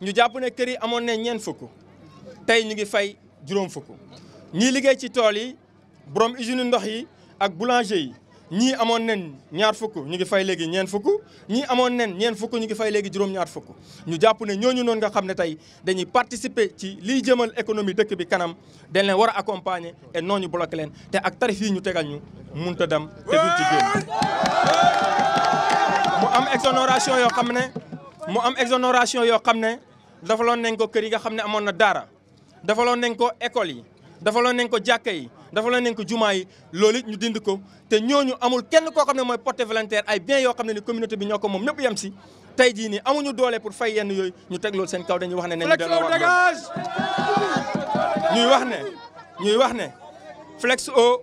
ñu jàpp ne kër yi amoon nañ ñeen fukk tey ñu ngi fay juróom fukk ñii liggéey ci tool yi borom usine ndox yi ak boulanger yi ñii amoon nen ñaar fukk ñu ngi fay léegi ñeen fukk ñii amoon nen ñeen fukk ñu ngi fay léegi juróom-ñaar fukk ñu jàpp ne ñooñu noon nga xam ne tey dañuy participer ci liy jëmal économie dëkk bi kanam dañ leen war a accompagner et non leen te ak tarif yi ñu tegal ñu munta dem te duñ ci génn am exonération yoo xam ne mu am exonération yoo xam ne defaloon nañ ko kër yi nga xam ne amoon na daara defaloon nañ ko école yi defaloon nañ ko jàkka yi defaloon nañ ko jumaa yi loolu it ñu dind ko te ñooñu amul kenn koo xam ne mooy porté volontaire ay biens yoo xam ne ni communauté bi ñoo ko moom ñëpp yem si tey jii nii amuñu doole pour fay yenn yooyu ñu teg loolu seen kaw dañuy wax ne nañ delloo ñuy wax ne ñuy wax ne Flexo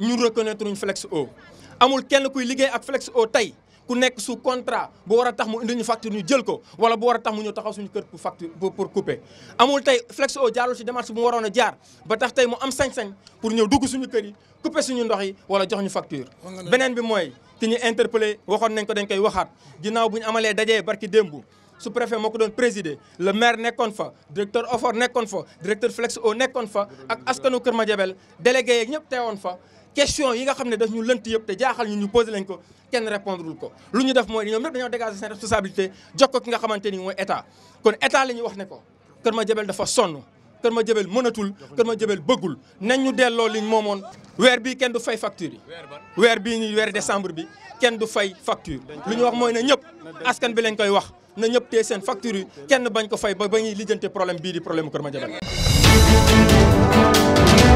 ñu reconnaître ñu Flex O amul kenn kuy liggéey ak Flex O tey ku nekk sous contrat bu war a tax mu indi ñu facture ñu jël ko wala bu war a tax mu ñëw taxaw suñu kër pour facture pour couper amul tey Flex O jaarul ci démarche bu mu waroon a jaar ba tax tey mu am sañ-sañ pour ñëw dugg suñu kër yi couper suñu ndox yi wala jox ñu facture. beneen bi mooy ki ñu interpellé waxoon nañ ko dañ koy waxaat ginnaaw bu ñu amalee dajee barki démb. sous préfet moo ko doon présider le maire nekkoon fa directeur OFOR nekkoon fa directeur Flex O nekkoon fa ak askanu Kër Madiabel délégué yeeg ñëpp teewoon fa. question yi nga xam daf nous Nous te jaaxal Nous devons nous Nous dégager Nous responsabilité ko nga nous état Nous état nous wax ko Kër nous dafa Nous Kër nous mënatul Kër Nous bëggul nous Nous facture Nous décembre bi Nous du fay facture na facture